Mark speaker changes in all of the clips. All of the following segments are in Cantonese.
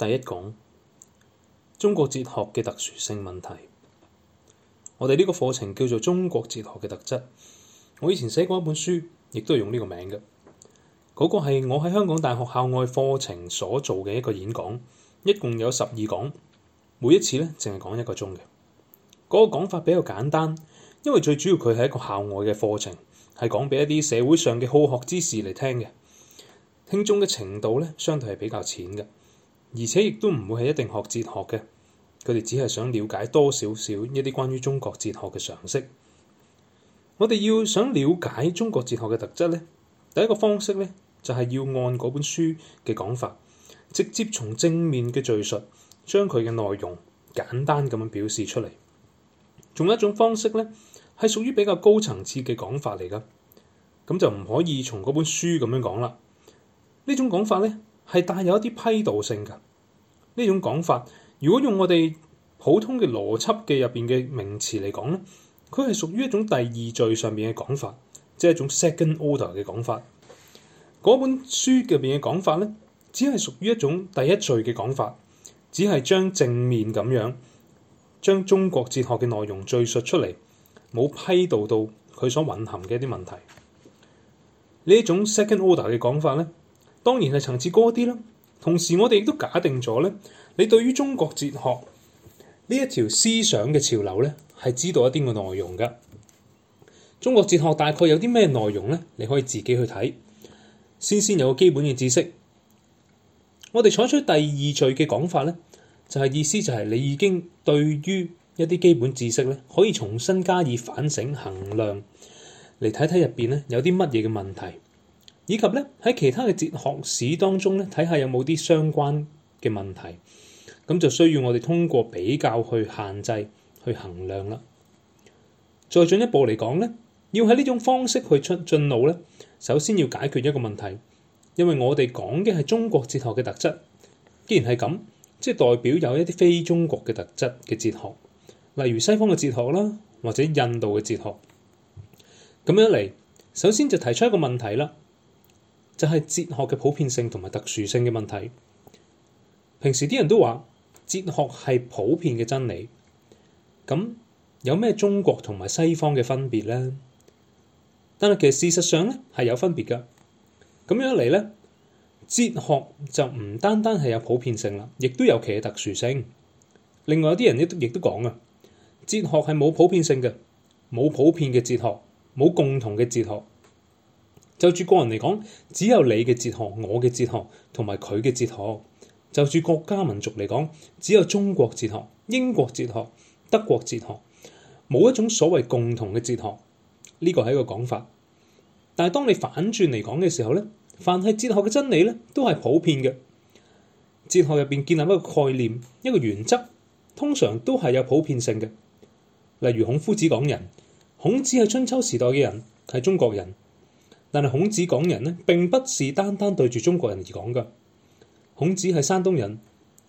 Speaker 1: 第一講，中國哲學嘅特殊性問題。我哋呢個課程叫做《中國哲學嘅特質》。我以前寫過一本書，亦都係用呢個名嘅。嗰個係我喺香港大學校外課程所做嘅一個演講，一共有十二講，每一次呢淨係講一個鐘嘅。嗰個講法比較簡單，因為最主要佢係一個校外嘅課程，係講俾一啲社會上嘅好學之士嚟聽嘅，聽眾嘅程度呢，相對係比較淺嘅。而且亦都唔會係一定學哲學嘅，佢哋只係想了解多少少一啲關於中國哲學嘅常識。我哋要想了解中國哲學嘅特質呢，第一個方式呢，就係要按嗰本書嘅講法，直接從正面嘅敘述，將佢嘅內容簡單咁樣表示出嚟。仲有一種方式呢，係屬於比較高層次嘅講法嚟㗎，咁就唔可以從嗰本書咁樣講啦。呢種講法呢。係帶有一啲批導性嘅呢種講法。如果用我哋普通嘅邏輯嘅入邊嘅名詞嚟講咧，佢係屬於一種第二序上邊嘅講法，即係一種 second order 嘅講法。嗰本書入邊嘅講法咧，只係屬於一種第一序嘅講法，只係將正面咁樣將中國哲學嘅內容敘述出嚟，冇批導到佢所蘊含嘅一啲問題。呢一種 second order 嘅講法咧。當然係層次高啲啦，同時我哋亦都假定咗咧，你對於中國哲學呢一條思想嘅潮流咧，係知道一啲嘅內容㗎。中國哲學大概有啲咩內容咧？你可以自己去睇，先先有個基本嘅知識。我哋採取第二序嘅講法咧，就係、是、意思就係你已經對於一啲基本知識咧，可以重新加以反省衡量，嚟睇睇入邊咧有啲乜嘢嘅問題。以及咧喺其他嘅哲學史當中咧，睇下有冇啲相關嘅問題，咁就需要我哋通過比較去限制去衡量啦。再進一步嚟講咧，要喺呢種方式去出進路咧，首先要解決一個問題，因為我哋講嘅係中國哲學嘅特質。既然係咁，即係代表有一啲非中國嘅特質嘅哲學，例如西方嘅哲學啦，或者印度嘅哲學。咁樣嚟，首先就提出一個問題啦。就係哲學嘅普遍性同埋特殊性嘅問題。平時啲人都話哲學係普遍嘅真理，咁有咩中國同埋西方嘅分別呢？但係其實事實上呢係有分別嘅。咁樣一嚟呢，哲學就唔單單係有普遍性啦，亦都有其特殊性。另外有啲人亦都亦都講啊，哲學係冇普遍性嘅，冇普遍嘅哲學，冇共同嘅哲學。就住個人嚟講，只有你嘅哲學、我嘅哲學同埋佢嘅哲學；就住國家民族嚟講，只有中國哲學、英國哲學、德國哲學，冇一種所謂共同嘅哲學。呢個係一個講法。但係當你反轉嚟講嘅時候咧，凡係哲學嘅真理咧，都係普遍嘅。哲學入邊建立一個概念、一個原則，通常都係有普遍性嘅。例如孔夫子講人，孔子係春秋時代嘅人，係中國人。但係孔子講人呢，並不是單單對住中國人而講噶。孔子係山東人，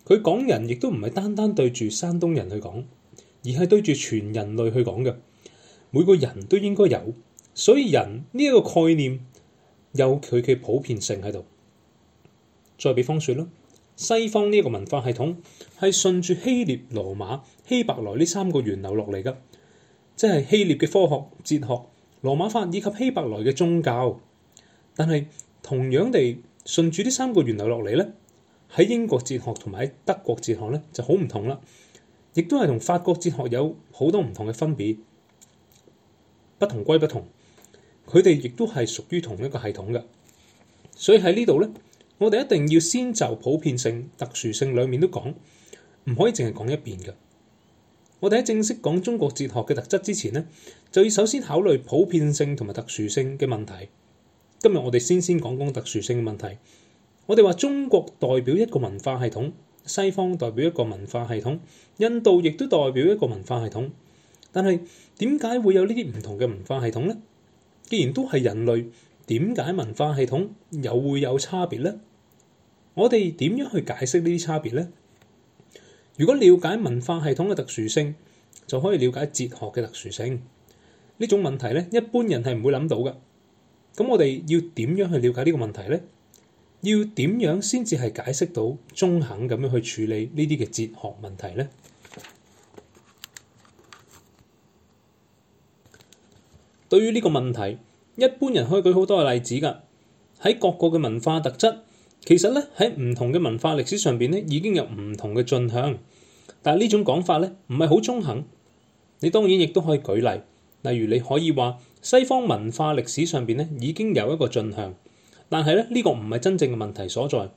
Speaker 1: 佢講人亦都唔係單單對住山東人去講，而係對住全人類去講㗎。每個人都應該有，所以人呢一個概念有佢嘅普遍性喺度。再比方說啦，西方呢個文化系統係順住希臘、羅馬、希伯來呢三個源流落嚟噶，即係希臘嘅科學、哲學。羅馬法以及希伯來嘅宗教，但係同樣地順住呢三個源流落嚟咧，喺英國哲學同埋喺德國哲學咧就好唔同啦，亦都係同法國哲學有好多唔同嘅分別，不同歸不同。佢哋亦都係屬於同一個系統嘅，所以喺呢度咧，我哋一定要先就普遍性、特殊性兩面都講，唔可以淨係講一邊嘅。我哋喺正式講中國哲學嘅特質之前呢，就要首先考慮普遍性同埋特殊性嘅問題。今日我哋先先講講特殊性嘅問題。我哋話中國代表一個文化系統，西方代表一個文化系統，印度亦都代表一個文化系統。但係點解會有呢啲唔同嘅文化系統呢？既然都係人類，點解文化系統又會有差別呢？我哋點樣去解釋呢啲差別呢？如果了解文化系統嘅特殊性，就可以了解哲學嘅特殊性。呢種問題咧，一般人係唔會諗到㗎。咁我哋要點樣去了解呢個問題咧？要點樣先至係解釋到中肯咁樣去處理呢啲嘅哲學問題咧？對於呢個問題，一般人可以舉好多嘅例子㗎。喺各國嘅文化特質。其實咧喺唔同嘅文化歷史上邊咧，已經有唔同嘅進向，但係呢種講法咧，唔係好中肯。你當然亦都可以舉例，例如你可以話西方文化歷史上邊咧已經有一個進向，但係咧呢個唔係真正嘅問題所在。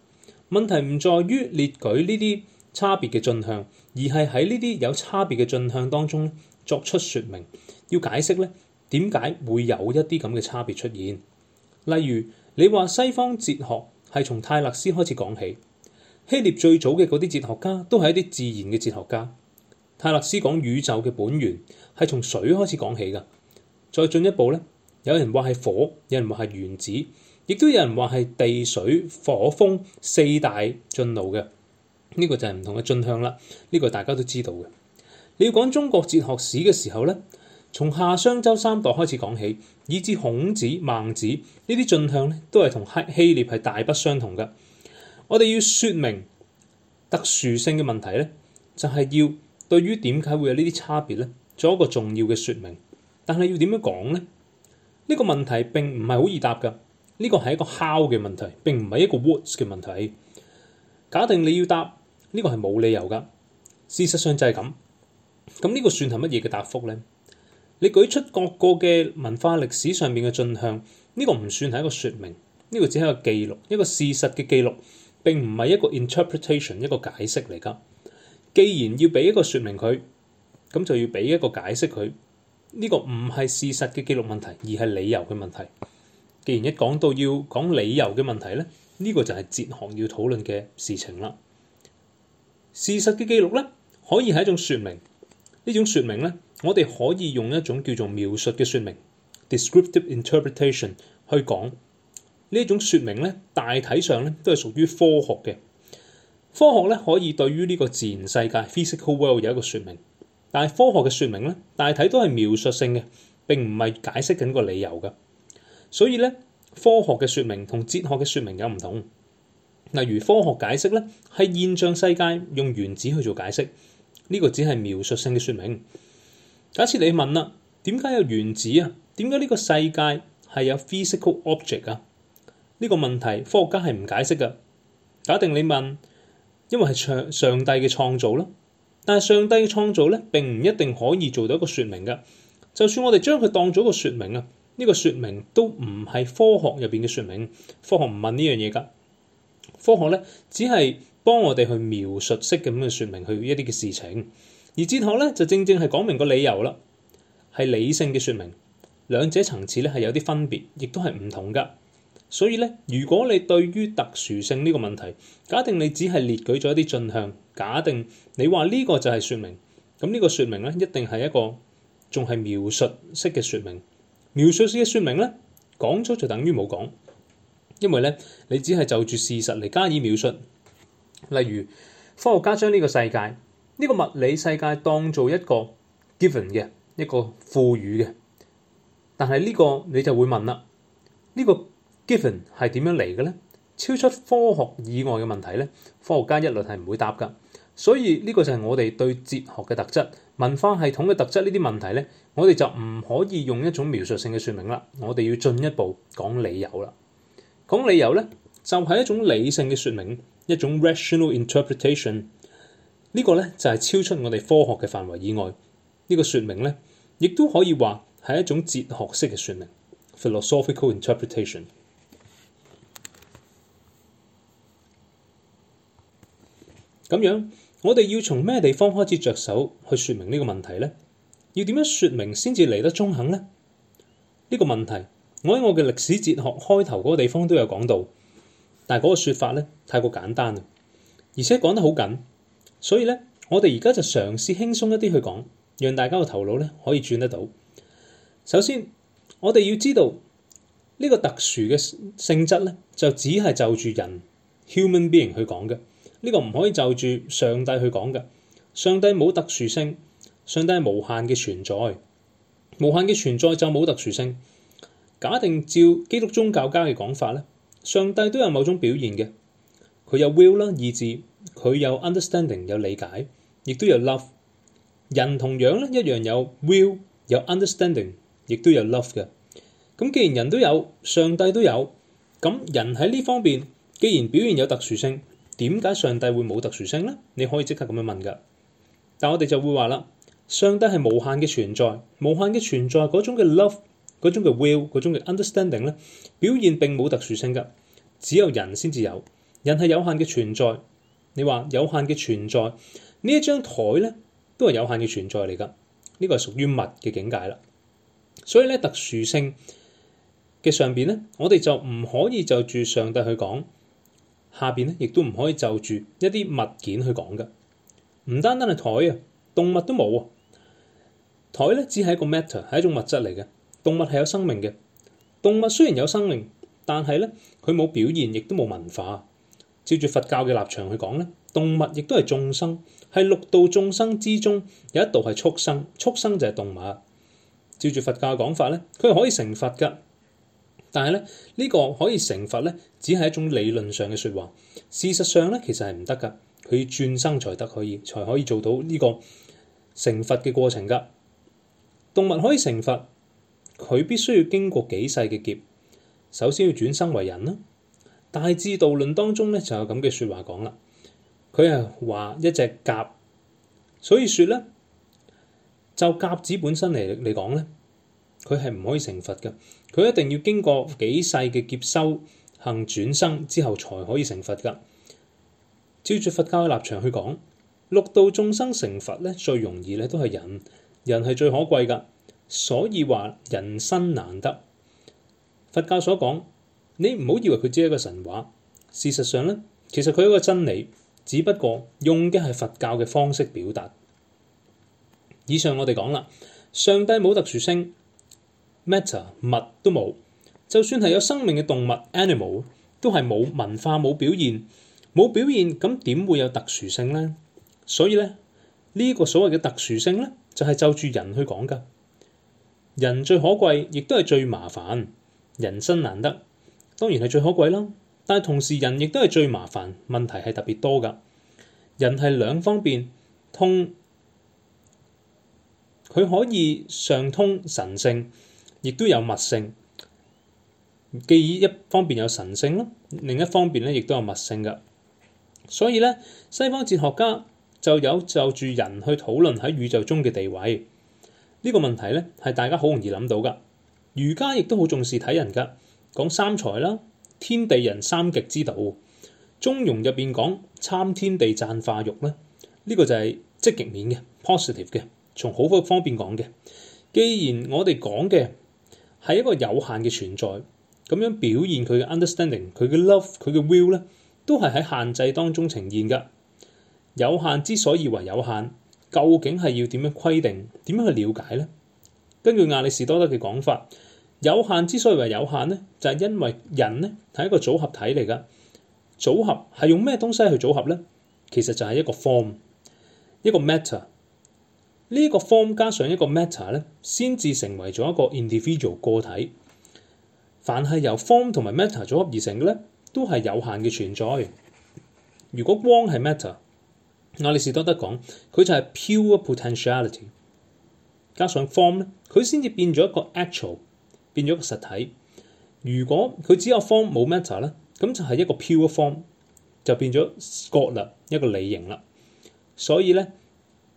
Speaker 1: 問題唔在於列舉呢啲差別嘅進向，而係喺呢啲有差別嘅進向當中作出説明，要解釋咧點解會有一啲咁嘅差別出現。例如你話西方哲學。係從泰勒斯開始講起，希臘最早嘅嗰啲哲學家都係一啲自然嘅哲學家。泰勒斯講宇宙嘅本源係從水開始講起噶，再進一步咧，有人話係火，有人話係原子，亦都有人話係地水火風四大進路嘅。呢個就係唔同嘅進向啦，呢個大家都知道嘅。你要講中國哲學史嘅時候咧。從夏商周三代開始講起，以至孔子孟子，孟子進呢啲進向咧，都係同希臘係大不相同嘅。我哋要説明特殊性嘅問題咧，就係、是、要對於點解會有別呢啲差別咧，做一個重要嘅説明。但係要點樣講咧？呢、這個問題並唔係好易答噶。呢、這個係一個 how 嘅問題，並唔係一個 words 嘅問題。假定你要答呢、這個係冇理由噶。事實上就係咁。咁呢個算係乜嘢嘅答覆咧？你舉出各個嘅文化歷史上面嘅進向，呢個唔算係一個説明，呢個只係一個記錄，一個事實嘅記錄，並唔係一個 interpretation，一個解釋嚟噶。既然要畀一個説明佢，咁就要畀一個解釋佢。呢個唔係事實嘅記錄問題，而係理由嘅問題。既然一講到要講理由嘅問題咧，呢個就係哲學要討論嘅事情啦。事實嘅記錄咧，可以係一種説明，呢種説明咧。我哋可以用一種叫做描述嘅説明 （descriptive interpretation） 去講。呢一種説明咧，大體上咧都係屬於科學嘅。科學咧，可以對於呢個自然世界 （physical world） 有一個説明。但係科學嘅説明咧，大體都係描述性嘅，並唔係解釋緊個理由㗎。所以咧，科學嘅説明同哲學嘅説明有唔同。例如科學解釋咧係現象世界用原子去做解釋，呢個只係描述性嘅説明。假設你問啦，點解有原子啊？點解呢個世界係有 physical object 啊？呢個問題科學家係唔解釋嘅。假定你問，因為係上上帝嘅創造啦，但係上帝嘅創造咧並唔一定可以做到一個説明嘅。就算我哋將佢當咗個説明啊，呢個説明都唔係科學入邊嘅説明，科學唔問呢樣嘢噶。科學咧只係幫我哋去描述式咁嘅説明去一啲嘅事情。而哲學咧，就正正係講明個理由啦，係理性嘅説明。兩者層次咧係有啲分別，亦都係唔同噶。所以咧，如果你對於特殊性呢個問題，假定你只係列舉咗一啲進向，假定你話呢個就係説明，咁呢個説明咧一定係一個仲係描述式嘅説明。描述式嘅説明咧，講咗就等於冇講，因為咧你只係就住事實嚟加以描述。例如科學家將呢個世界，呢個物理世界當做一個 given 嘅一個賦予嘅，但係呢個你就會問啦，呢個 given 係點樣嚟嘅咧？超出科學以外嘅問題咧，科學家一律係唔會答噶。所以呢個就係我哋對哲學嘅特質、文化系統嘅特質呢啲問題咧，我哋就唔可以用一種描述性嘅説明啦，我哋要進一步講理由啦。講理由咧，就係一種理性嘅説明，一種 rational interpretation。呢個呢，就係超出我哋科學嘅範圍以外。呢個説明呢，亦都可以話係一種哲學式嘅説明 （philosophical interpretation）。咁樣，我哋要從咩地方開始着手去説明呢個問題呢？要點樣説明先至嚟得中肯呢？呢個問題，我喺我嘅歷史哲學開頭嗰個地方都有講到，但係嗰個說法呢，太過簡單啦，而且講得好緊。所以咧，我哋而家就嘗試輕鬆一啲去講，讓大家個頭腦咧可以轉得到。首先，我哋要知道呢個特殊嘅性質咧，就只係就住人 human being 去講嘅。呢個唔可以就住上帝去講嘅。上帝冇特殊性，上帝係無限嘅存在，無限嘅存在就冇特殊性。假定照基督宗教家嘅講法咧，上帝都有某種表現嘅，佢有 will 啦，意志。佢有 understanding 有理解，亦都有 love。人同樣咧一樣有 will 有 understanding，亦都有 love 嘅。咁既然人都有，上帝都有，咁人喺呢方面既然表現有特殊性，點解上帝會冇特殊性呢？你可以即刻咁樣問噶。但我哋就會話啦，上帝係無限嘅存在，無限嘅存在嗰種嘅 love，嗰種嘅 will，嗰種嘅 understanding 咧，表現並冇特殊性㗎，只有人先至有。人係有限嘅存在。你話有限嘅存在張呢一張台咧，都係有限嘅存在嚟噶。呢個係屬於物嘅境界啦。所以咧，特殊性嘅上邊咧，我哋就唔可以就住上帝去講，下邊咧亦都唔可以就住一啲物件去講噶。唔單單係台啊，動物都冇啊。台咧只係一個 matter，係一種物質嚟嘅。動物係有生命嘅。動物雖然有生命，但係咧佢冇表現，亦都冇文化。照住佛教嘅立場去講咧，動物亦都係眾生，係六道眾生之中有一道係畜生，畜生就係動物。照住佛教講法咧，佢係可以成佛噶，但係咧呢個可以成佛咧，只係一種理論上嘅説話。事實上咧，其實係唔得噶，佢要轉生才得可以，才可以做到呢個成佛嘅過程噶。動物可以成佛，佢必須要經過幾世嘅劫，首先要轉生為人啦、啊。《大智度論》當中咧就有咁嘅說話講啦，佢係話一隻鴿，所以說咧，就鴿子本身嚟嚟講咧，佢係唔可以成佛噶，佢一定要經過幾世嘅劫修行轉生之後，才可以成佛噶。照住佛教嘅立場去講，六道眾生成佛咧最容易咧都係人，人係最可貴噶，所以話人生難得，佛教所講。你唔好以為佢只係一個神話，事實上咧，其實佢有一個真理，只不過用嘅係佛教嘅方式表達。以上我哋講啦，上帝冇特殊性 matter 物都冇，就算係有生命嘅動物 animal 都係冇文化冇表現，冇表現咁點會有特殊性咧？所以咧，呢個所謂嘅特殊性咧，就係就住人去講噶。人最可貴，亦都係最麻煩，人生難得。當然係最可貴啦，但係同時人亦都係最麻煩，問題係特別多噶。人係兩方面，通佢可以上通神性，亦都有物性，既以一方面有神性咯，另一方面咧亦都有物性噶。所以咧，西方哲學家就有就住人去討論喺宇宙中嘅地位呢個問題咧，係大家好容易諗到噶。儒家亦都好重視睇人噶。講三才啦，天地人三極之道，中庸入邊講參天地贊化育咧，呢、這個就係積極面嘅 positive 嘅，從好嘅方面講嘅。既然我哋講嘅係一個有限嘅存在，咁樣表現佢嘅 understanding，佢嘅 love，佢嘅 will 咧，都係喺限制當中呈現噶。有限之所以為有限，究竟係要點樣規定？點樣去了解咧？根據亞里士多德嘅講法。有限之所以為有限咧，就係、是、因為人咧係一個組合體嚟噶。組合係用咩東西去組合咧？其實就係一個 form，一個 matter。呢、這個 form 加上一個 matter 咧，先至成為咗一個 individual 個體。凡係由 form 同埋 matter 組合而成嘅咧，都係有限嘅存在。如果光係 matter，亞里士多德講佢就係 pure potentiality，加上 form 咧，佢先至變咗一個 actual。變咗個實體。如果佢只有 form 冇 matter 咧，咁就係一個 pure form，就變咗 God 啦，一個理型啦。所以咧，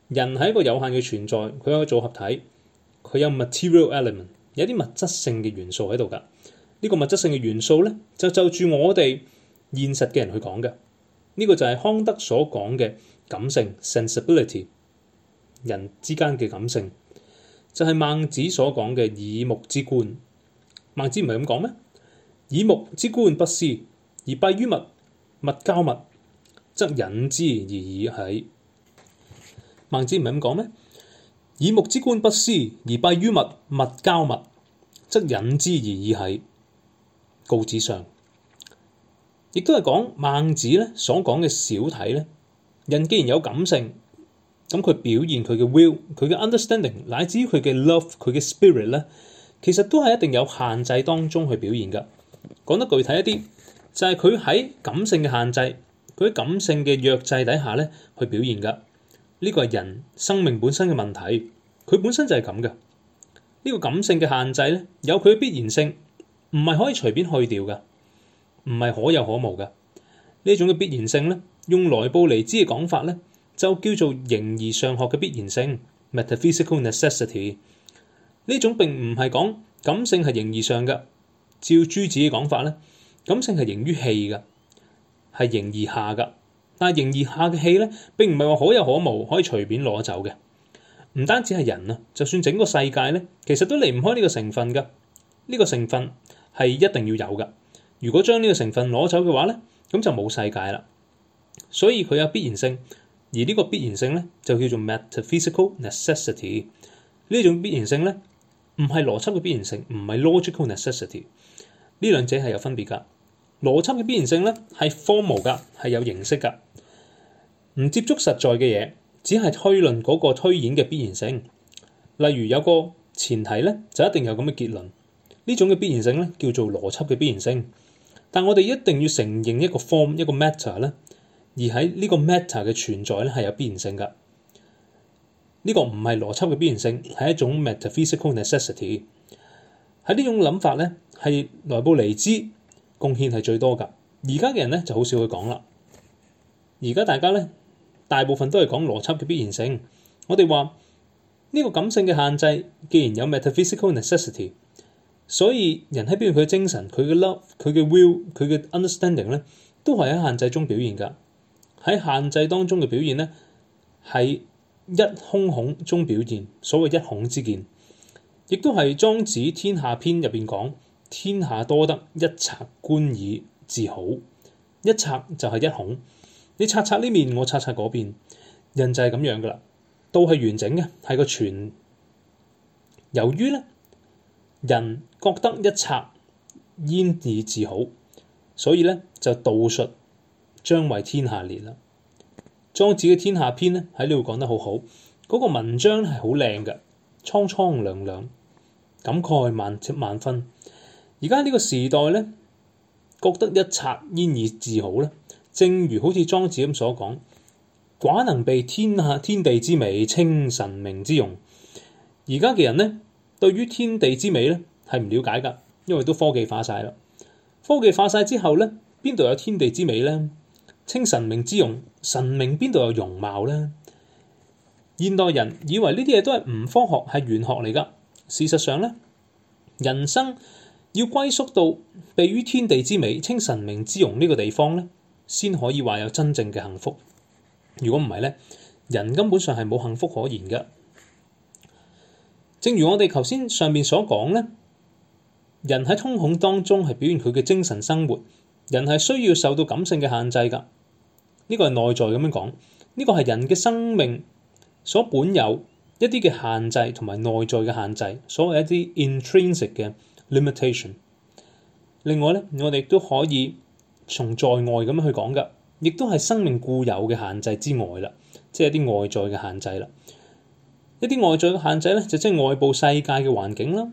Speaker 1: 人係一個有限嘅存在，佢有一個組合體，佢有 material element，有啲物質性嘅元素喺度㗎。呢、這個物質性嘅元素咧，就就住我哋現實嘅人去講嘅。呢、這個就係康德所講嘅感性 （sensibility）。Sens ibility，人之間嘅感性，就係、是、孟子所講嘅耳目之官。孟子唔係咁講咩？耳目之官不思，而蔽於物，物交物則引之而已矣。孟子唔係咁講咩？耳目之官不思，而蔽於物，物交物則引之而已矣。《告子上》亦都係講孟子咧所講嘅小體咧。人既然有感性，咁佢表現佢嘅 will，佢嘅 understanding，乃至於佢嘅 love，佢嘅 spirit 咧。其實都係一定有限制當中去表現噶。講得具體一啲，就係佢喺感性嘅限制，佢喺感性嘅弱制底下咧，去表現噶。呢、這個係人生命本身嘅問題，佢本身就係咁嘅。呢、這個感性嘅限制咧，有佢嘅必然性，唔係可以隨便去掉嘅，唔係可有可無嘅。呢種嘅必然性咧，用萊布尼茲嘅講法咧，就叫做形而上學嘅必然性 （metaphysical necessity）。Met 呢種並唔係講感性係形而上嘅，照朱子嘅講法咧，感性係形於氣嘅，係形而下嘅。但係形而下嘅氣咧，並唔係話可有可無，可以隨便攞走嘅。唔單止係人啊，就算整個世界咧，其實都離唔開呢個成分嘅。呢個成分係一定要有嘅。如果將呢個成分攞走嘅話咧，咁就冇世界啦。所以佢有必然性，而呢個必然性咧就叫做 metaphysical necessity。呢種必然性咧。唔係邏輯嘅必然性，唔係 logical necessity。呢兩者係有分別㗎。邏輯嘅必然性咧係 formal 㗎，係有形式㗎，唔接觸實在嘅嘢，只係推論嗰個推演嘅必然性。例如有個前提咧，就一定有咁嘅結論。呢種嘅必然性咧叫做邏輯嘅必然性。但我哋一定要承認一個 form 一個 matter 咧，而喺呢個 matter 嘅存在咧係有必然性㗎。呢個唔係邏輯嘅必然性，係一種 metaphysical necessity。喺呢種諗法咧，係萊布尼茲貢獻係最多噶。而家嘅人咧就好少去講啦。而家大家咧，大部分都係講邏輯嘅必然性。我哋話呢個感性嘅限制，既然有 metaphysical necessity，所以人喺表現佢嘅精神、佢嘅 love、佢嘅 will、佢嘅 understanding 咧，都係喺限制中表現噶。喺限制當中嘅表現咧，係。一空孔中表現，所謂一孔之見，亦都係莊子天下篇入邊講：天下多得一察焉以自好。一察就係一孔，你察察呢面，我察察嗰邊，人就係咁樣噶啦。道係完整嘅，係個全。由於咧，人覺得一察焉以自好，所以咧就道術將為天下裂啦。莊子嘅《天下篇》咧喺呢度講得好好，嗰個文章係好靚噶，蒼蒼涼涼，感慨萬萬分。而家呢個時代咧，覺得一擦煙而治好咧，正如好似莊子咁所講，寡能被天下天地之美，稱神明之容。而家嘅人呢，對於天地之美咧係唔了解噶，因為都科技化晒啦。科技化晒之後咧，邊度有天地之美咧？稱神明之容。神明邊度有容貌呢？現代人以為呢啲嘢都係唔科學，係玄學嚟噶。事實上呢，人生要歸宿到備於天地之美、稱神明之容呢個地方呢，先可以話有真正嘅幸福。如果唔係呢，人根本上係冇幸福可言噶。正如我哋頭先上面所講呢，人喺通孔當中係表現佢嘅精神生活，人係需要受到感性嘅限制噶。呢個係內在咁樣講，呢個係人嘅生命所本有一啲嘅限制，同埋內在嘅限制，所謂一啲 intrinsic 嘅 limitation。另外咧，我哋都可以從在外咁樣去講噶，亦都係生命固有嘅限制之外啦，即係一啲外在嘅限制啦。一啲外在嘅限制咧，就即係外部世界嘅環境啦。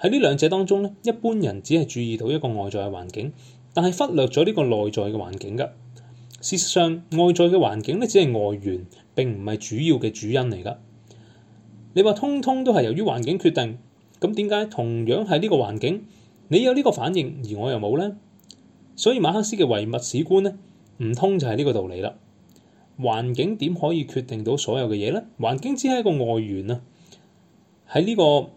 Speaker 1: 喺呢兩者當中咧，一般人只係注意到一個外在嘅環境，但係忽略咗呢個內在嘅環境噶。事實上，外在嘅環境咧，只係外緣，並唔係主要嘅主因嚟噶。你話通通都係由於環境決定，咁點解同樣係呢個環境，你有呢個反應，而我又冇呢？所以馬克思嘅唯物史觀咧，唔通就係呢個道理啦。環境點可以決定到所有嘅嘢咧？環境只係一個外緣啊。喺呢個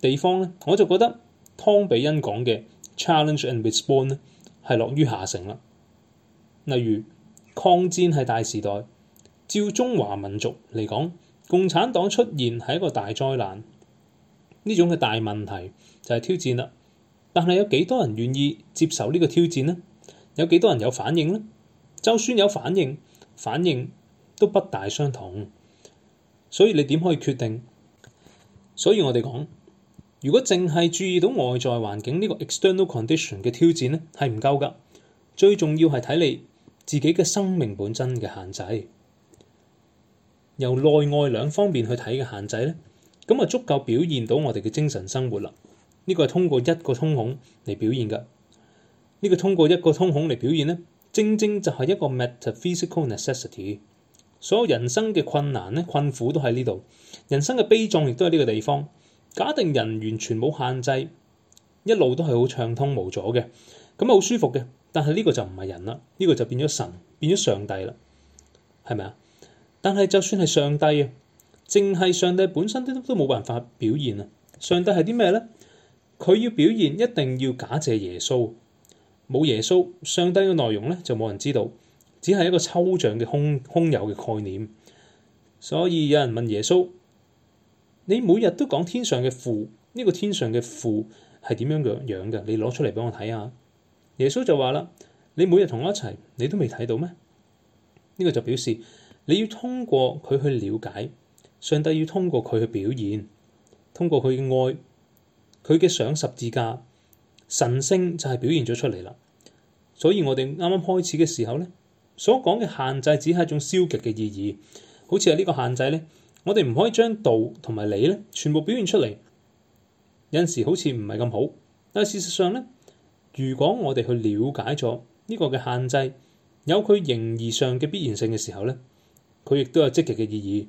Speaker 1: 地方咧，我就覺得湯比恩講嘅 challenge and respond 咧，係落於下乘啦。例如，抗戰係大時代，照中華民族嚟講，共產黨出現係一個大災難。呢種嘅大問題就係挑戰啦。但係有幾多人願意接受呢個挑戰呢？有幾多人有反應呢？就算有反應，反應都不大相同，所以你點可以決定？所以我哋講，如果淨係注意到外在環境呢個 external condition 嘅挑戰呢，係唔夠噶。最重要係睇你。自己嘅生命本真嘅限制，由內外兩方面去睇嘅限制咧，咁啊足夠表現到我哋嘅精神生活啦。呢、這個係通過一個通孔嚟表現嘅。呢、這個通過一個通孔嚟表現咧，正正就係一個 metaphysical necessity。所有人生嘅困難咧、困苦都喺呢度，人生嘅悲壯亦都喺呢個地方。假定人完全冇限制，一路都係好暢通無阻嘅，咁啊好舒服嘅。但係呢個就唔係人啦，呢個就變咗神，變咗上帝啦，係咪啊？但係就算係上帝啊，淨係上帝本身都都冇辦法表現啊！上帝係啲咩咧？佢要表現，一定要假借耶穌，冇耶穌，上帝嘅內容咧就冇人知道，只係一個抽象嘅空空有嘅概念。所以有人問耶穌：「你每日都講天上嘅父，呢個天上嘅父係點樣樣樣嘅？你攞出嚟畀我睇下。」耶穌就話啦：你每日同我一齊，你都未睇到咩？呢、這個就表示你要通過佢去了解上帝，要通過佢去表現，通過佢嘅愛，佢嘅想十字架，神聖就係表現咗出嚟啦。所以我哋啱啱開始嘅時候咧，所講嘅限制只係一種消極嘅意義，好似係呢個限制咧，我哋唔可以將道同埋理咧全部表現出嚟，有時好似唔係咁好，但係事實上咧。如果我哋去了解咗呢個嘅限制，有佢形而上嘅必然性嘅時候咧，佢亦都有積極嘅意義，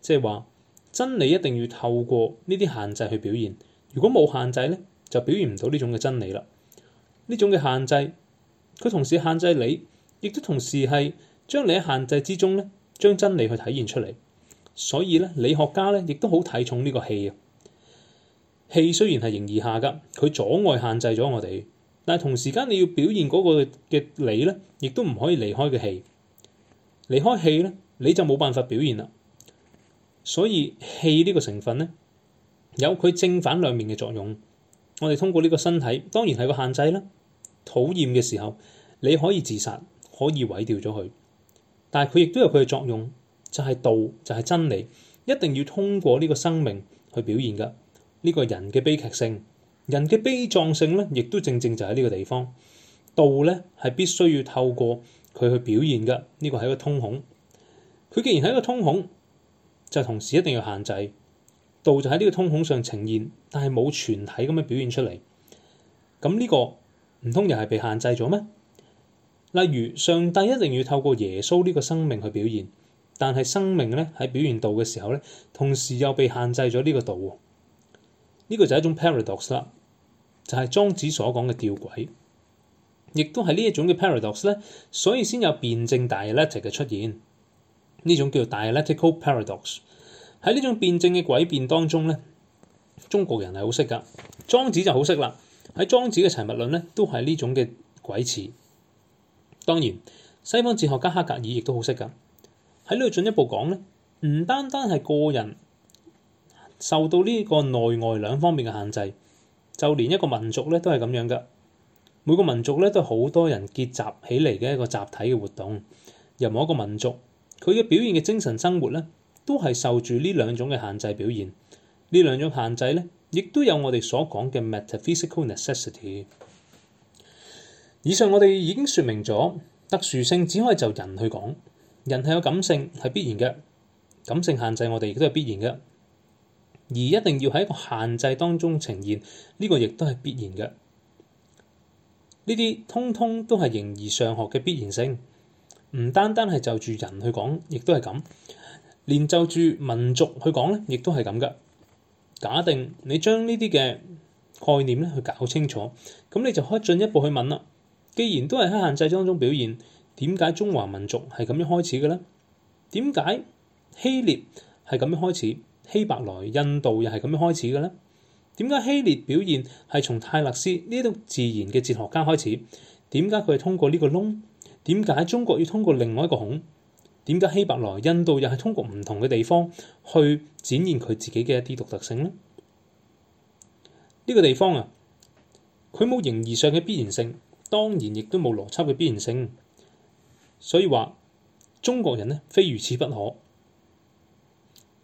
Speaker 1: 即係話真理一定要透過呢啲限制去表現。如果冇限制咧，就表現唔到呢種嘅真理啦。呢種嘅限制，佢同時限制你，亦都同時係將你喺限制之中咧，將真理去體現出嚟。所以咧，理學家咧亦都好睇重呢個氣啊。氣雖然係形而下㗎，佢阻礙限制咗我哋。但係同時間，你要表現嗰個嘅你咧，亦都唔可以離開嘅氣，離開氣咧，你就冇辦法表現啦。所以氣呢個成分咧，有佢正反兩面嘅作用。我哋通過呢個身體，當然係個限制啦。討厭嘅時候，你可以自殺，可以毀掉咗佢，但係佢亦都有佢嘅作用，就係道，就係真理，一定要通過呢個生命去表現㗎。呢個人嘅悲劇性。人嘅悲壯性咧，亦都正正就喺呢個地方。道咧係必須要透過佢去表現㗎，呢個係一個通孔。佢既然係一個通孔，就同時一定要限制。道就喺呢個通孔上呈現，但係冇全體咁樣表現出嚟。咁呢個唔通又係被限制咗咩？例如上帝一定要透過耶穌呢個生命去表現，但係生命咧喺表現道嘅時候咧，同時又被限制咗呢個道。呢個就係一種 paradox 啦。就係莊子所講嘅吊詭，亦都係呢一種嘅 paradox 咧，所以先有辯證 dialectic 嘅出現，呢種叫做 dialectical paradox。喺呢種辯證嘅詭辯當中咧，中國人係好識噶，莊子就好識啦。喺莊子嘅齊物論咧，都係呢種嘅詭辭。當然，西方哲學家黑格爾亦都好識噶。喺呢度進一步講咧，唔單單係個人受到呢個內外兩方面嘅限制。就連一個民族咧，都係咁樣㗎，每個民族咧，都好多人結集起嚟嘅一個集體嘅活動。任何一個民族，佢嘅表現嘅精神生活咧，都係受住呢兩種嘅限制表現。呢兩種限制咧，亦都有我哋所講嘅 metaphysical necessity。以上我哋已經説明咗，特殊性只可以就人去講，人係有感性係必然嘅，感性限制我哋亦都係必然嘅。而一定要喺一個限制當中呈現呢、呢個，亦都係必然嘅。呢啲通通都係形而上學嘅必然性，唔單單係就住人去講，亦都係咁。連就住民族去講咧，亦都係咁㗎。假定你將呢啲嘅概念咧去搞清楚，咁你就可進一步去問啦。既然都係喺限制當中表現，點解中華民族係咁樣開始嘅咧？點解希臘係咁樣開始？希伯來、印度又係咁樣開始嘅呢？點解希臘表現係從泰勒斯呢種自然嘅哲學家開始？點解佢係通過呢個窿？點解中國要通過另外一個孔？點解希伯來、印度又係通過唔同嘅地方去展現佢自己嘅一啲獨特性呢？呢、呢個地方啊，佢冇形而上嘅必然性，當然亦都冇邏輯嘅必然性。所以話中國人呢，非如此不可。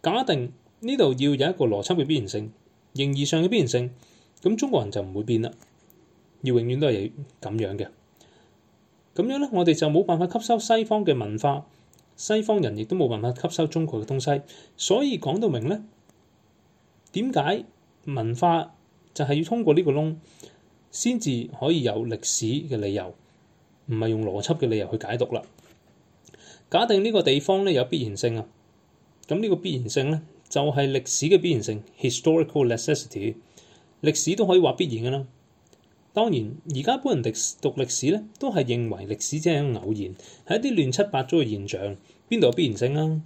Speaker 1: 假定呢度要有一個邏輯嘅必然性、形而上嘅必然性，咁中國人就唔會變啦，要永遠都係咁樣嘅。咁樣咧，我哋就冇辦法吸收西方嘅文化，西方人亦都冇辦法吸收中國嘅東西。所以講到明咧，點解文化就係要通過呢個窿先至可以有歷史嘅理由，唔係用邏輯嘅理由去解讀啦。假定呢個地方咧有必然性啊，咁呢個必然性咧。就係歷史嘅必然性，historical necessity。歷史都可以話必然嘅啦。當然，而家本人讀歷史咧，都係認為歷史淨係一個偶然，係一啲亂七八糟嘅現象，邊度有必然性啊？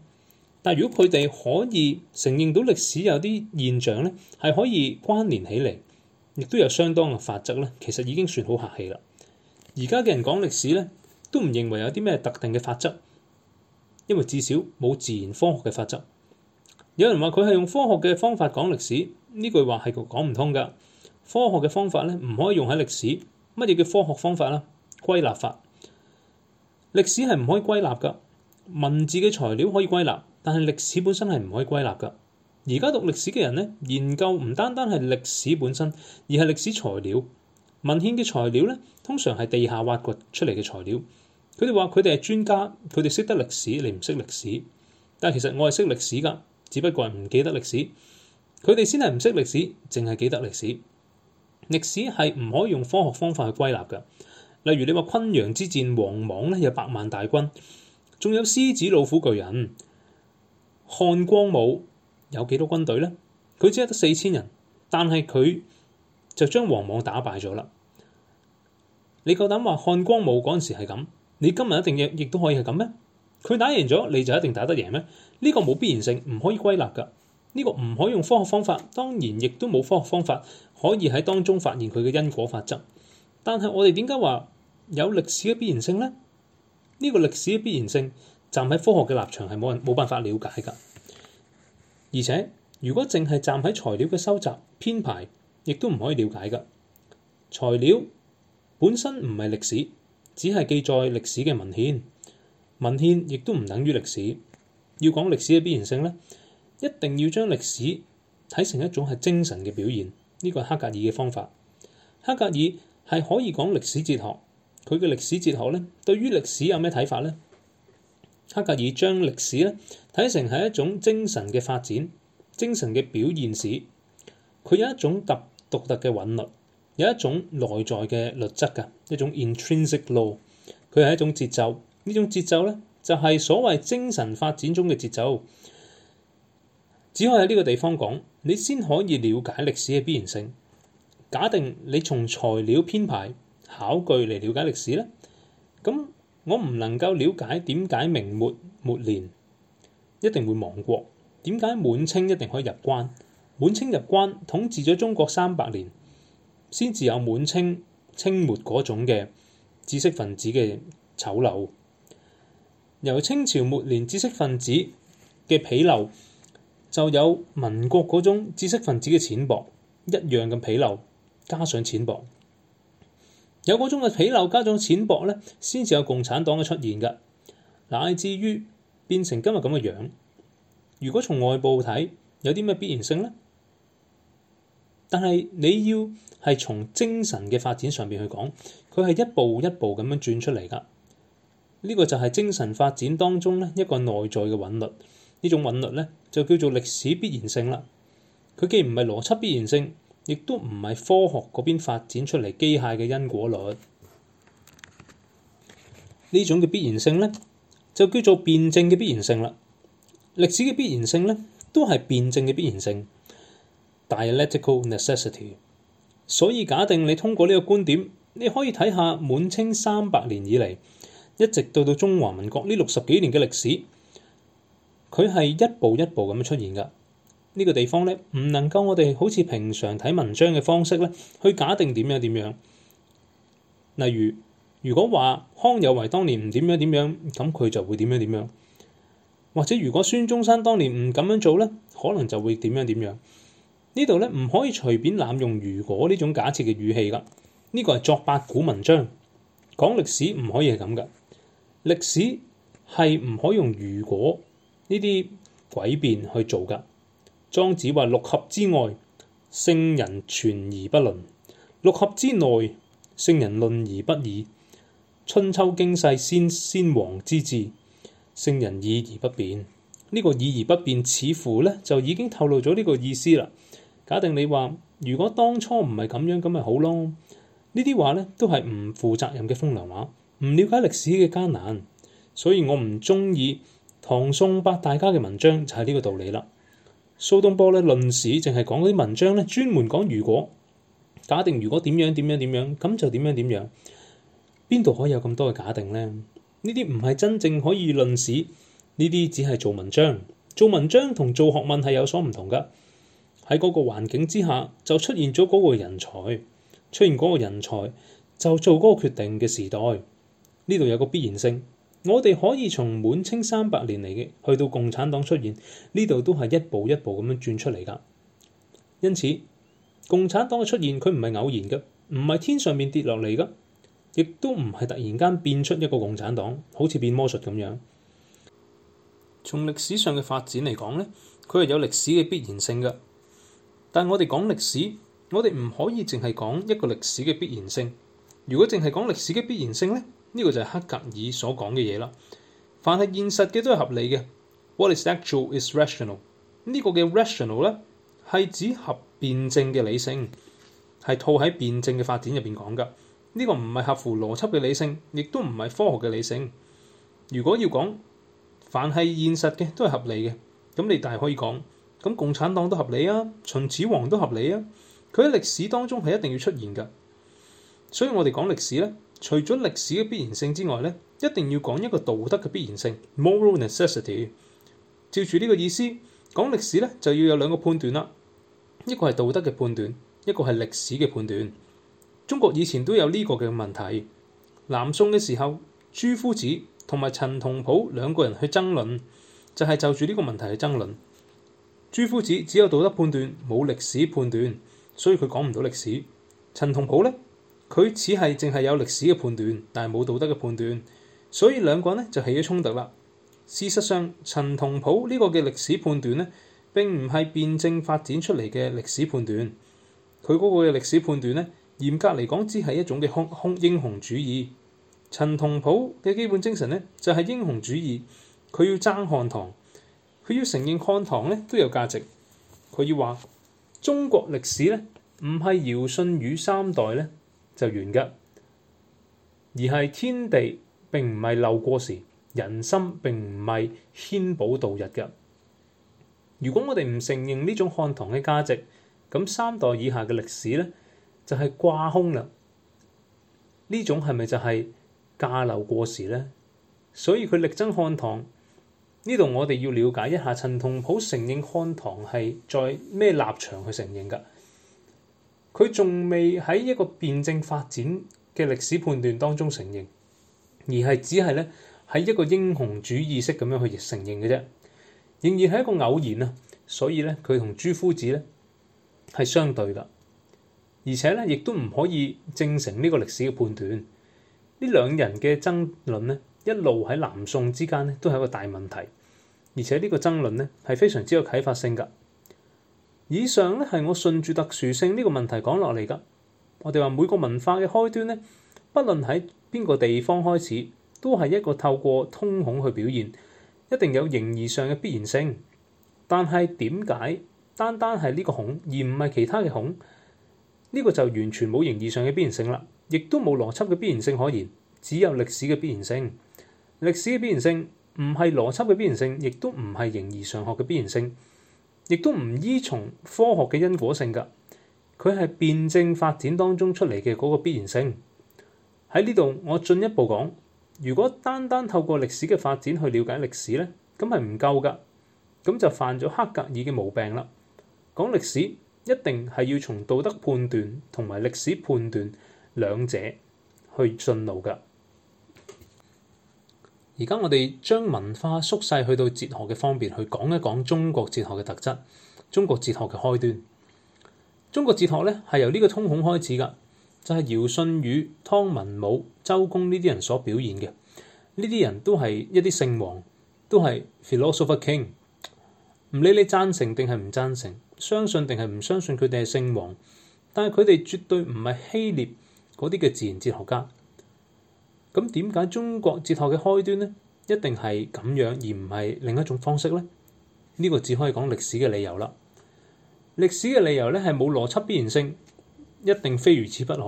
Speaker 1: 但如果佢哋可以承認到歷史有啲現象咧，係可以關聯起嚟，亦都有相當嘅法則咧，其實已經算好客氣啦。而家嘅人講歷史咧，都唔認為有啲咩特定嘅法則，因為至少冇自然科學嘅法則。有人話佢係用科學嘅方法講歷史，呢句話係講唔通噶。科學嘅方法咧，唔可以用喺歷史。乜嘢叫科學方法咧？歸納法。歷史係唔可以歸納噶。文字嘅材料可以歸納，但係歷史本身係唔可以歸納噶。而家讀歷史嘅人咧，研究唔單單係歷史本身，而係歷史材料。文獻嘅材料咧，通常係地下挖掘出嚟嘅材料。佢哋話佢哋係專家，佢哋識得歷史，你唔識歷史，但其實我係識歷史噶。只不過係唔記得歷史，佢哋先係唔識歷史，淨係記得歷史。歷史係唔可以用科學方法去歸納嘅。例如你話昆陽之戰，王莽咧有百萬大軍，仲有獅子、老虎、巨人。漢光武有幾多軍隊咧？佢只係得四千人，但係佢就將王莽打敗咗啦。你夠膽話漢光武嗰陣時係咁？你今日一定亦亦都可以係咁咩？佢打贏咗，你就一定打得贏咩？呢個冇必然性，唔可以歸納噶。呢個唔可以用科學方法，當然亦都冇科學方法可以喺當中發現佢嘅因果法則。但係我哋點解話有歷史嘅必然性呢？呢個歷史嘅必然性，站喺科學嘅立場係冇冇辦法了解噶。而且如果淨係站喺材料嘅收集編排，亦都唔可以了解噶。材料本身唔係歷史，只係記載歷史嘅文獻。文獻亦都唔等於歷史。要講歷史嘅必然性咧，一定要將歷史睇成一種係精神嘅表現。呢、這個係黑格爾嘅方法。黑格爾係可以講歷史哲學。佢嘅歷史哲學咧，對於歷史有咩睇法咧？黑格爾將歷史咧睇成係一種精神嘅發展，精神嘅表現史。佢有一種獨特獨特嘅韻律，有一種內在嘅律則㗎，一種 intrinsic law。佢係一種節奏。呢種節奏呢，就係所謂精神發展中嘅節奏，只可以喺呢個地方講，你先可以了解歷史嘅必然性。假定你從材料編排考據嚟了解歷史呢，咁我唔能夠了解點解明末末年一定會亡國，點解滿清一定可以入關，滿清入關統治咗中國三百年，先至有滿清、清末嗰種嘅知識分子嘅醜陋。由清朝末年知識分子嘅鄙陋，就有民國嗰種知識分子嘅淺薄，一樣嘅鄙陋加上淺薄，有嗰種嘅鄙陋加上淺薄咧，先至有共產黨嘅出現㗎，乃至於變成今日咁嘅樣。如果從外部睇，有啲咩必然性呢？但係你要係從精神嘅發展上面去講，佢係一步一步咁樣轉出嚟噶。呢個就係精神發展當中呢一個內在嘅韻律，呢種韻律呢，就叫做歷史必然性啦。佢既唔係邏輯必然性，亦都唔係科學嗰邊發展出嚟機械嘅因果律。呢種嘅必然性呢，就叫做辯證嘅必然性啦。歷史嘅必然性呢，都係辯證嘅必然性 （dialectical necessity）。所以假定你通過呢個觀點，你可以睇下滿清三百年以嚟。一直到到中華民國呢六十幾年嘅歷史，佢係一步一步咁樣出現噶。呢個地方咧，唔能夠我哋好似平常睇文章嘅方式咧，去假定點樣點樣。例如，如果話康有為當年唔點樣點樣，咁佢就會點樣點樣。或者如果孫中山當年唔咁樣做咧，可能就會點樣點樣。呢度咧唔可以隨便濫用如果呢種假設嘅語氣噶，呢個係作八股文章講歷史唔可以係咁噶。歷史係唔可用如果呢啲詭辯去做㗎。莊子話：六合之外，聖人存而不論；六合之內，聖人論而不議。春秋經世先先王之治，聖人議而不變。呢、呢個議而不變，似乎呢，就已經透露咗呢個意思啦。假定你話如果當初唔係咁樣，咁咪好咯？呢啲話呢都係唔負責任嘅風涼話。唔了解歷史嘅艱難，所以我唔鍾意唐宋八大家嘅文章，就係呢個道理啦。蘇東坡咧論史，淨係講啲文章咧，專門講如果假定如果點樣點樣點樣，咁就點樣點樣。邊度可以有咁多嘅假定咧？呢啲唔係真正可以論史，呢啲只係做文章。做文章同做學問係有所唔同㗎。喺嗰個環境之下，就出現咗嗰個人才，出現嗰個人才就做嗰個決定嘅時代。呢度有個必然性。我哋可以從滿清三百年嚟嘅去到共產黨出現，呢度都係一步一步咁樣轉出嚟噶。因此，共產黨嘅出現佢唔係偶然嘅，唔係天上面跌落嚟噶，亦都唔係突然間變出一個共產黨，好似變魔術咁樣。從歷史上嘅發展嚟講呢，佢係有歷史嘅必然性噶。但我哋講歷史，我哋唔可以淨係講一個歷史嘅必然性。如果淨係講歷史嘅必然性呢？呢個就係黑格爾所講嘅嘢啦。凡係現實嘅都係合理嘅。What is actual is rational 呢。呢個嘅 rational 咧係指合辯證嘅理性，係套喺辯證嘅發展入邊講噶。呢個唔係合乎邏輯嘅理性，亦都唔係科學嘅理性。如果要講凡係現實嘅都係合理嘅，咁你大可以講。咁共產黨都合理啊，秦始皇都合理啊。佢喺歷史當中係一定要出現噶。所以我哋講歷史咧。除咗歷史嘅必然性之外咧，一定要講一個道德嘅必然性 （moral necessity）。照住呢個意思講歷史咧，就要有兩個判斷啦。一個係道德嘅判斷，一個係歷史嘅判斷。中國以前都有呢個嘅問題。南宋嘅時候，朱夫子同埋陳同甫兩個人去爭論，就係就住呢個問題去爭論。朱夫子只有道德判斷，冇歷史判斷，所以佢講唔到歷史。陳同甫咧。佢只係淨係有歷史嘅判斷，但係冇道德嘅判斷，所以兩個人呢就起咗衝突啦。事實上，陳同甫呢個嘅歷史判斷呢，並唔係辯證發展出嚟嘅歷史判斷。佢嗰個嘅歷史判斷呢，嚴格嚟講，只係一種嘅兇兇英雄主義。陳同甫嘅基本精神呢，就係、是、英雄主義，佢要爭漢唐，佢要承認漢唐呢都有價值。佢要話中國歷史呢，唔係堯舜禹三代呢，就完嘅，而係天地並唔係漏過時，人心並唔係牽補度日嘅。如果我哋唔承認呢種漢唐嘅價值，咁三代以下嘅歷史呢，就係、是、掛空啦。呢種係咪就係架漏過時呢？所以佢力爭漢唐。呢度我哋要了解一下，陳同甫承認漢唐係在咩立場去承認嘅？佢仲未喺一個辯證發展嘅歷史判斷當中承認，而係只係咧喺一個英雄主義式咁樣去承認嘅啫。仍然係一個偶然啊，所以咧佢同朱夫子咧係相對噶，而且咧亦都唔可以證成呢個歷史嘅判斷。呢兩人嘅爭論咧，一路喺南宋之間咧都係一個大問題，而且呢個爭論咧係非常之有啟發性噶。以上咧係我順住特殊性呢個問題講落嚟㗎。我哋話每個文化嘅開端咧，不論喺邊個地方開始，都係一個透過通孔去表現，一定有形而上嘅必然性。但係點解單單係呢個孔而唔係其他嘅孔？呢個就完全冇形而上嘅必然性啦，亦都冇邏輯嘅必然性可言，只有歷史嘅必然性。歷史嘅必然性唔係邏輯嘅必然性，亦都唔係形而上學嘅必然性。亦都唔依從科學嘅因果性㗎，佢係辯證發展當中出嚟嘅嗰個必然性。喺呢度我進一步講，如果單單透過歷史嘅發展去了解歷史咧，咁係唔夠㗎，咁就犯咗黑格爾嘅毛病啦。講歷史一定係要從道德判斷同埋歷史判斷兩者去進路㗎。而家我哋將文化縮細去到哲學嘅方面，去講一講中國哲學嘅特質，中國哲學嘅開端。中國哲學咧係由呢個通孔開始噶，就係堯舜禹湯文武、周公呢啲人所表現嘅。呢啲人都係一啲聖王，都係 philosopher king。唔理你贊成定係唔贊成，相信定係唔相信，佢哋係聖王，但係佢哋絕對唔係希臘嗰啲嘅自然哲學家。咁點解中國哲學嘅開端咧，一定係咁樣，而唔係另一種方式咧？呢個只可以講歷史嘅理由啦。歷史嘅理由咧係冇邏輯必然性，一定非如此不可。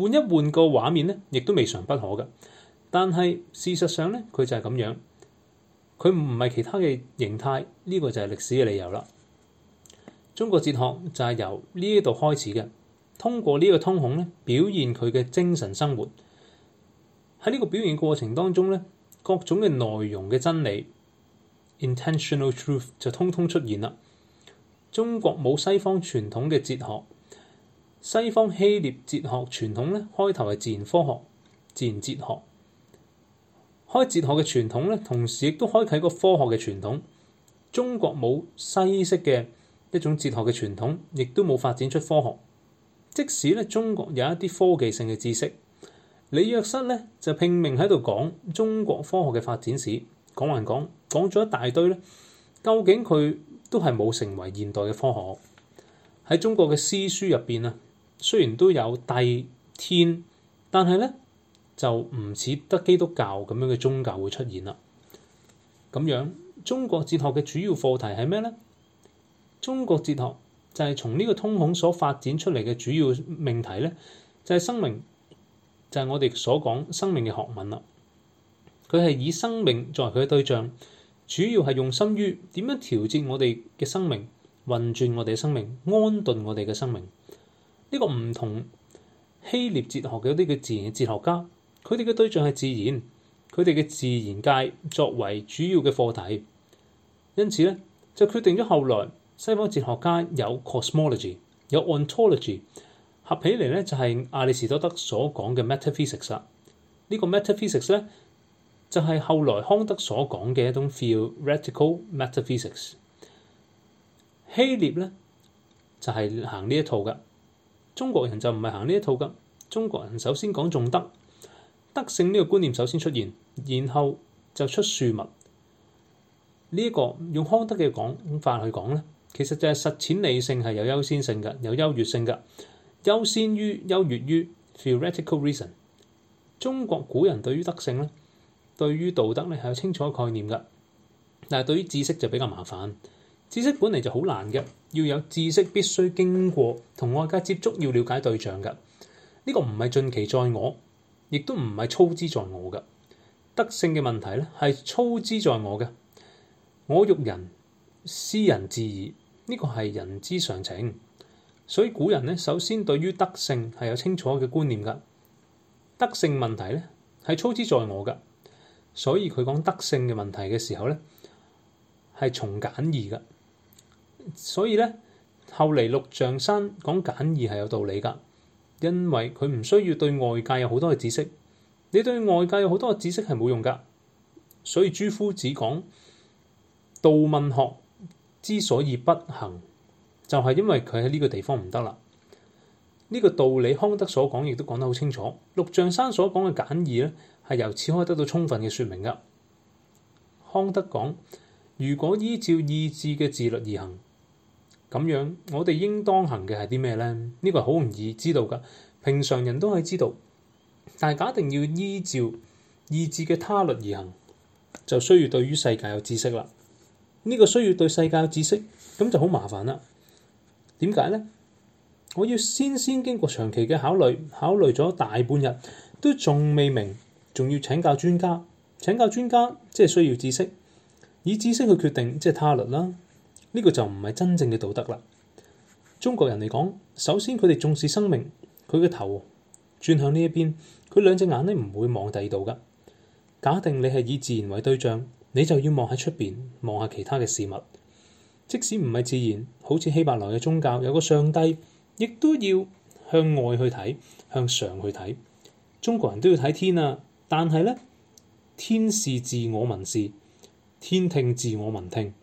Speaker 1: 換一換個畫面咧，亦都未嘗不可嘅。但係事實上咧，佢就係咁樣，佢唔係其他嘅形態。呢個就係歷史嘅理由啦。中國哲學就係由呢一度開始嘅，通過呢個通孔咧，表現佢嘅精神生活。喺呢個表現過程當中呢各種嘅內容嘅真理 intentional truth 就通通出現啦。中國冇西方傳統嘅哲學，西方希臘哲學傳統呢開頭係自然科學，自然哲學開哲學嘅傳統呢同時亦都開啟個科學嘅傳統。中國冇西式嘅一種哲學嘅傳統，亦都冇發展出科學。即使呢中國有一啲科技性嘅知識。李約瑟咧就拼命喺度講中國科學嘅發展史，講還講，講咗一大堆咧。究竟佢都係冇成為現代嘅科學，喺中國嘅詩書入邊啊，雖然都有帝天，但係咧就唔似得基督教咁樣嘅宗教會出現啦。咁樣，中國哲學嘅主要課題係咩咧？中國哲學就係從呢個通孔所發展出嚟嘅主要命題咧，就係、是、生命。就係我哋所講生命嘅學問啦，佢係以生命作為佢嘅對象，主要係用心於點樣調節我哋嘅生命、運轉我哋嘅生命、安頓我哋嘅生命。呢、這個唔同希臘哲學嘅嗰啲嘅自然哲學家，佢哋嘅對象係自然，佢哋嘅自然界作為主要嘅課題。因此咧，就決定咗後來西方哲學家有 cosmology，有 ontology。合起嚟咧，就係亞里士多德所講嘅 metaphysics、這個、met 呢個 metaphysics 咧，就係、是、後來康德所講嘅一種 theoretical metaphysics。希臘咧就係、是、行呢一套噶，中國人就唔係行呢一套噶。中國人首先講重德，德性呢個觀念首先出現，然後就出庶物呢一、這個用康德嘅講法去講咧，其實就係實踐理性係有優先性嘅，有優越性嘅。優先於優越於 theoretical reason，中國古人對於德性咧，對於道德咧係有清楚嘅概念嘅。但係對於知識就比較麻煩。知識本嚟就好難嘅，要有知識必須經過同外界接觸，要了解對象嘅。呢、這個唔係盡其在我，亦都唔係操之在我嘅。德性嘅問題咧係操之在我嘅。我欲仁，斯仁至矣，呢、這個係人之常情。所以古人呢，首先對於德性係有清楚嘅觀念㗎。德性問題呢，係操之在我㗎，所以佢講德性嘅問題嘅時候呢，係從簡易㗎。所以呢，後嚟陸象山講簡易係有道理㗎，因為佢唔需要對外界有好多嘅知識。你對外界有好多嘅知識係冇用㗎，所以朱夫子講道問學之所以不行。就係因為佢喺呢個地方唔得啦。呢個道理康德所講亦都講得好清楚。陸象山所講嘅簡易，呢係由此可以得到充分嘅說明噶。康德講，如果依照意志嘅自律而行，咁樣我哋應當行嘅係啲咩呢？呢個好容易知道噶，平常人都可以知道。但係假定要依照意志嘅他律而行，就需要對於世界有知識啦。呢個需要對世界有知識，咁就好麻煩啦。點解呢？我要先先經過長期嘅考慮，考慮咗大半日都仲未明，仲要請教專家。請教專家即係需要知識，以知識去決定即係他律啦。呢個就唔係真正嘅道德啦。中國人嚟講，首先佢哋重視生命，佢嘅頭轉向呢一邊，佢兩隻眼咧唔會望第二度噶。假定你係以自然為對象，你就要望喺出邊，望下其他嘅事物。即使唔係自然，好似希伯來嘅宗教有個上帝，亦都要向外去睇，向上去睇。中國人都要睇天啊，但係咧，天視自我民視，天聽自我民聽，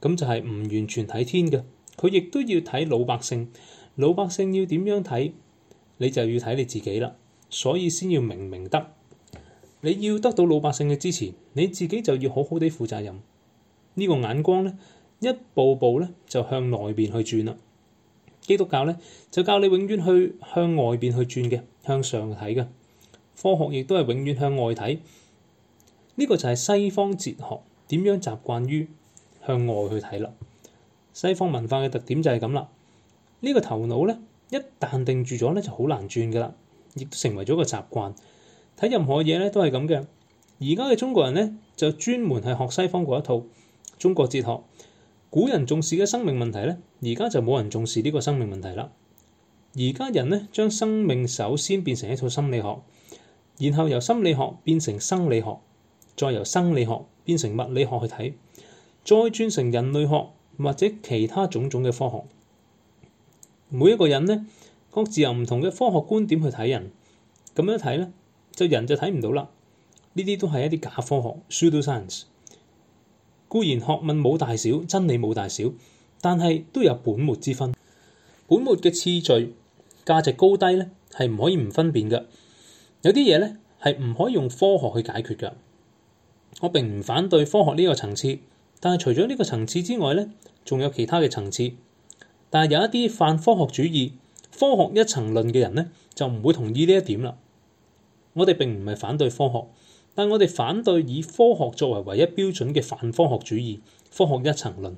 Speaker 1: 咁就係唔完全睇天嘅。佢亦都要睇老百姓，老百姓要點樣睇，你就要睇你自己啦。所以先要明明德，你要得到老百姓嘅支持，你自己就要好好地負責任。呢個眼光咧。一步步咧就向內邊去轉啦。基督教咧就教你永遠去向外邊去轉嘅，向上睇嘅。科學亦都係永遠向外睇。呢個就係西方哲學點樣習慣於向外去睇啦。西方文化嘅特點就係咁啦。呢個頭腦咧，一旦定住咗咧，就好難轉噶啦，亦都成為咗一個習慣。睇任何嘢咧都係咁嘅。而家嘅中國人咧就專門係學西方嗰一套中國哲學。古人重視嘅生命問題呢，而家就冇人重視呢個生命問題啦。而家人呢，將生命首先變成一套心理學，然後由心理學變成生理學，再由生理學變成物理學去睇，再轉成人類學或者其他種種嘅科學。每一個人呢，各自有唔同嘅科學觀點去睇人，咁一睇呢，就人就睇唔到啦。呢啲都係一啲假科學，pseudo science。固然學問冇大小，真理冇大小，但係都有本末之分。本末嘅次序、價值高低咧，係唔可以唔分辨嘅。有啲嘢咧係唔可以用科學去解決嘅。我並唔反對科學呢個層次，但係除咗呢個層次之外咧，仲有其他嘅層次。但係有一啲泛科學主義、科學一層論嘅人咧，就唔會同意呢一點啦。我哋並唔係反對科學。但我哋反對以科學作為唯一標準嘅反科學主義、科學一層論。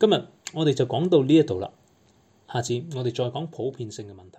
Speaker 1: 今日我哋就講到呢一度啦，下次我哋再講普遍性嘅問題。